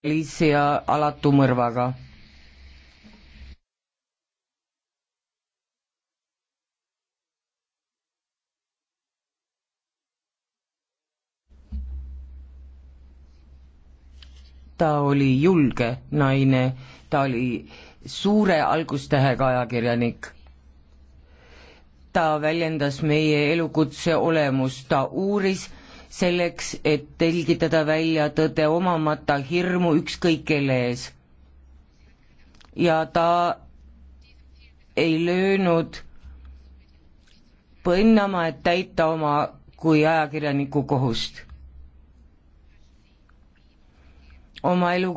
poliisi ja alatu mõrvaga ta oli julge naine, ta oli suure algustähega ajakirjanik. ta väljendas meie elukutse olemust, ta uuris selleks, et telgitada välja tõde omamata hirmu ükskõik kelle ees. ja ta ei löönud põnnama, et täita oma kui ajakirjaniku kohust. oma elu,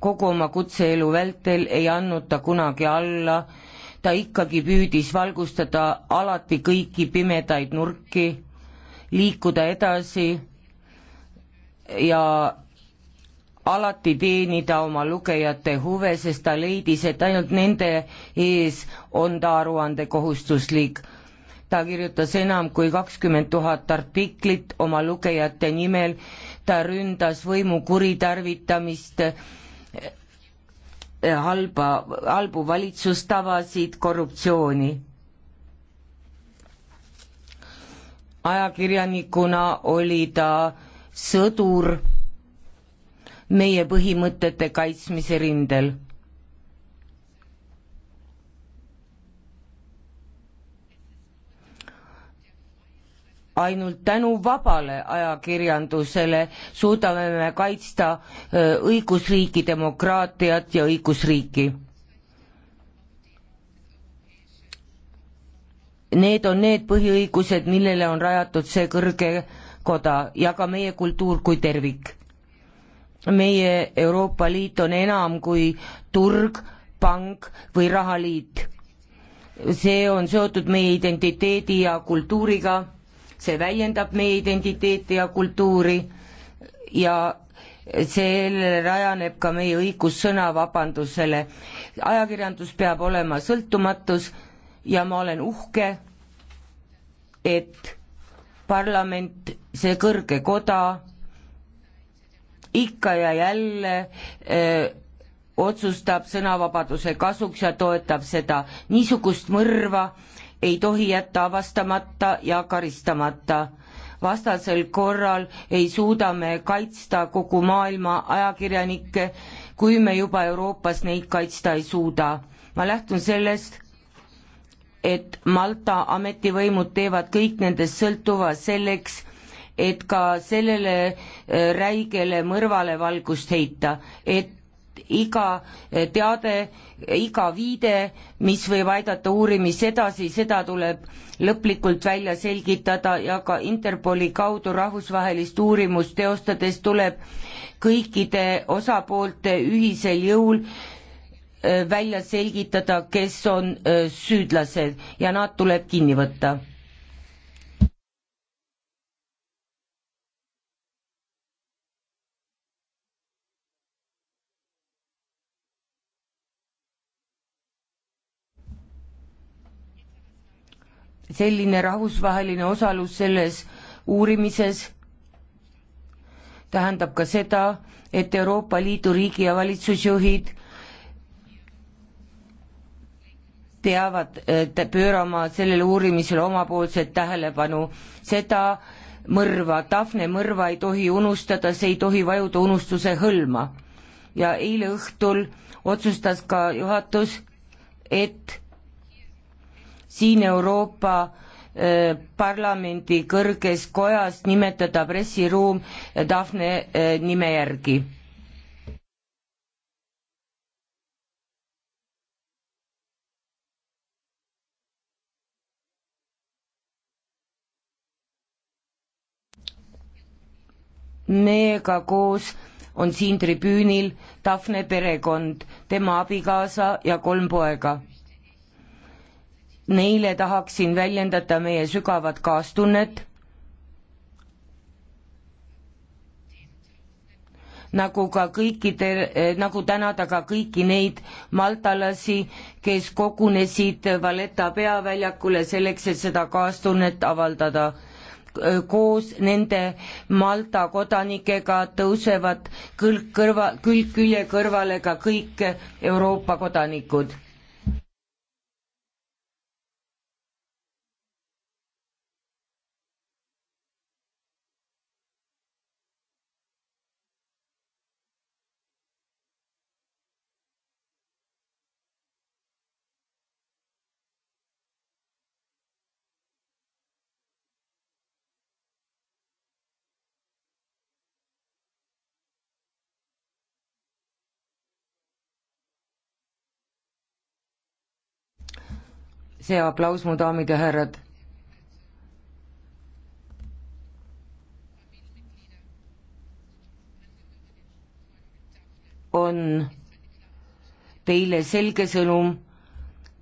kogu oma kutseelu vältel ei andnud ta kunagi alla, ta ikkagi püüdis valgustada alati kõiki pimedaid nurki liikuda edasi ja alati teenida oma lugejate huve, sest ta leidis, et ainult nende ees on ta aruandekohustuslik. ta kirjutas enam kui kakskümmend tuhat artiklit oma lugejate nimel, ta ründas võimu kuritarvitamist, halba, halbu valitsustavasid, korruptsiooni ajakirjanikuna oli ta sõdur meie põhimõtete kaitsmise rindel. ainult tänu vabale ajakirjandusele suudame me kaitsta äh, õigusriiki, demokraatiat ja õigusriiki Need on need põhiõigused, millele on rajatud see kõrge koda ja ka meie kultuur kui tervik. meie Euroopa Liit on enam kui turg, pank või rahaliit. see on seotud meie identiteedi ja kultuuriga, see väljendab meie identiteeti ja kultuuri ja sellele rajaneb ka meie õigus sõnavabandusele. ajakirjandus peab olema sõltumatus ja ma olen uhke, et parlament, see kõrge koda ikka ja jälle öö, otsustab sõnavabaduse kasuks ja toetab seda. niisugust mõrva ei tohi jätta avastamata ja karistamata. vastasel korral ei suuda me kaitsta kogu maailma ajakirjanikke, kui me juba Euroopas neid kaitsta ei suuda. ma lähtun sellest, et Malta ametivõimud teevad kõik nendest sõltuva selleks, et ka sellele äh, räigele mõrvale valgust heita, et iga äh, teade, iga viide, mis võib aidata uurimist edasi, seda tuleb lõplikult välja selgitada ja ka Interpoli kaudu rahvusvahelist uurimust teostades tuleb kõikide osapoolte ühisel jõul Äh, välja selgitada, kes on äh, süüdlased ja nad tuleb kinni võtta. selline rahvusvaheline osalus selles uurimises tähendab ka seda, et Euroopa Liidu riigi ja valitsusjuhid peavad pöörama sellele uurimisele omapoolset tähelepanu. seda mõrva, Tafne mõrva ei tohi unustada, see ei tohi vajuda unustuse hõlma. ja eile õhtul otsustas ka juhatus, et siin Euroopa äh, parlamendi kõrges kojas nimetada pressiruum Daphne äh, nime järgi meiega koos on siin tribüünil Tafne perekond, tema abikaasa ja kolm poega. Neile tahaksin väljendada meie sügavat kaastunnet. nagu ka kõikide, nagu tänada ka kõiki neid maltalasi, kes kogunesid Valeta peaväljakule selleks, et seda kaastunnet avaldada Äh, koos nende Malta kodanikega tõusevad kõlg kõrva, külg külje kõrvale ka kõik Euroopa kodanikud see aplaus, mu daamid ja härrad. on teile selge sõnum,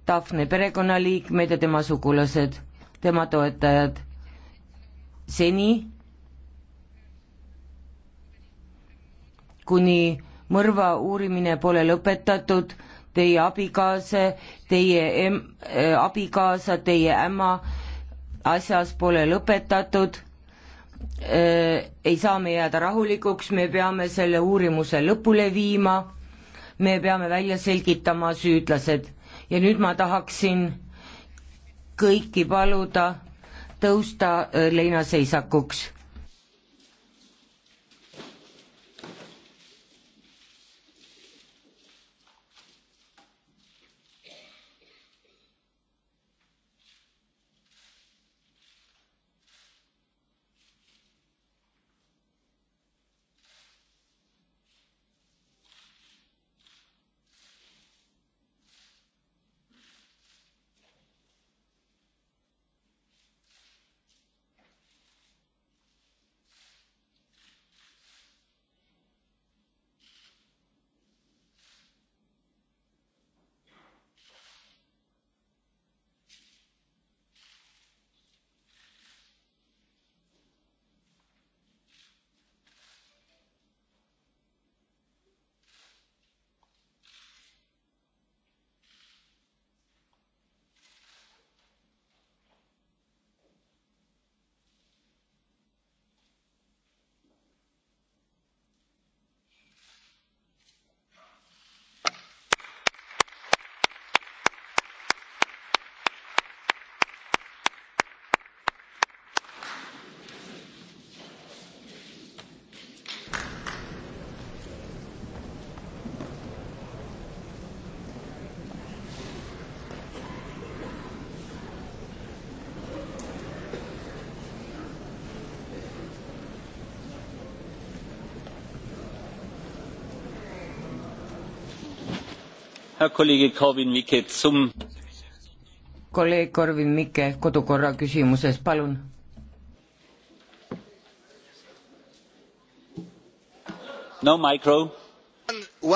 Tafne perekonnaliikmed ja tema sugulased, tema toetajad. seni, kuni mõrva uurimine pole lõpetatud, teie abikaasa, teie em-, äh, abikaasa, teie ämma asjas pole lõpetatud, äh, ei saa me jääda rahulikuks, me peame selle uurimuse lõpule viima, me peame välja selgitama süüdlased. ja nüüd ma tahaksin kõiki paluda tõusta äh, leinaseisakuks hea kolleeg Korvin Mikke, zum. kolleeg Korvin Mikke kodukorra küsimuses, palun. no micro.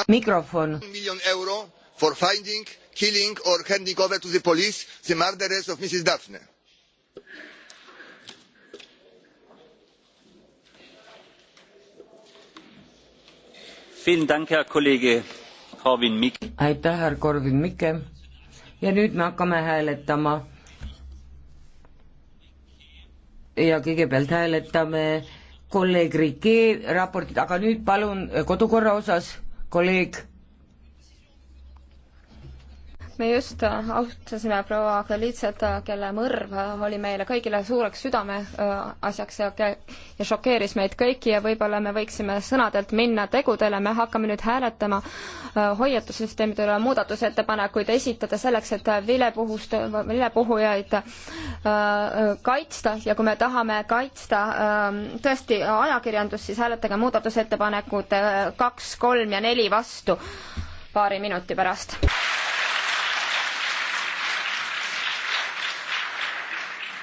mikrofon. miljon euro for finding, killing or handing over to the police the murderers of Mrs Daphne. Vielen Dank, Herr Kollege aitäh, härra Korvin-Mikke. ja nüüd me hakkame hääletama. ja kõigepealt hääletame kolleeg Rikee raportit, aga nüüd palun kodukorra osas, kolleeg me just austasime proua Felitsat, kelle mõrv oli meile kõigile suureks südameasjaks ja, ja šokeeris meid kõiki ja võib-olla me võiksime sõnadelt minna tegudele, me hakkame nüüd hääletama äh, hoiatussüsteemidele muudatusettepanekuid esitada selleks, et vilepuhust, vilepuhujaid äh, kaitsta ja kui me tahame kaitsta ähm, tõesti ajakirjandust, siis hääletage muudatusettepanekud äh, kaks, kolm ja neli vastu paari minuti pärast.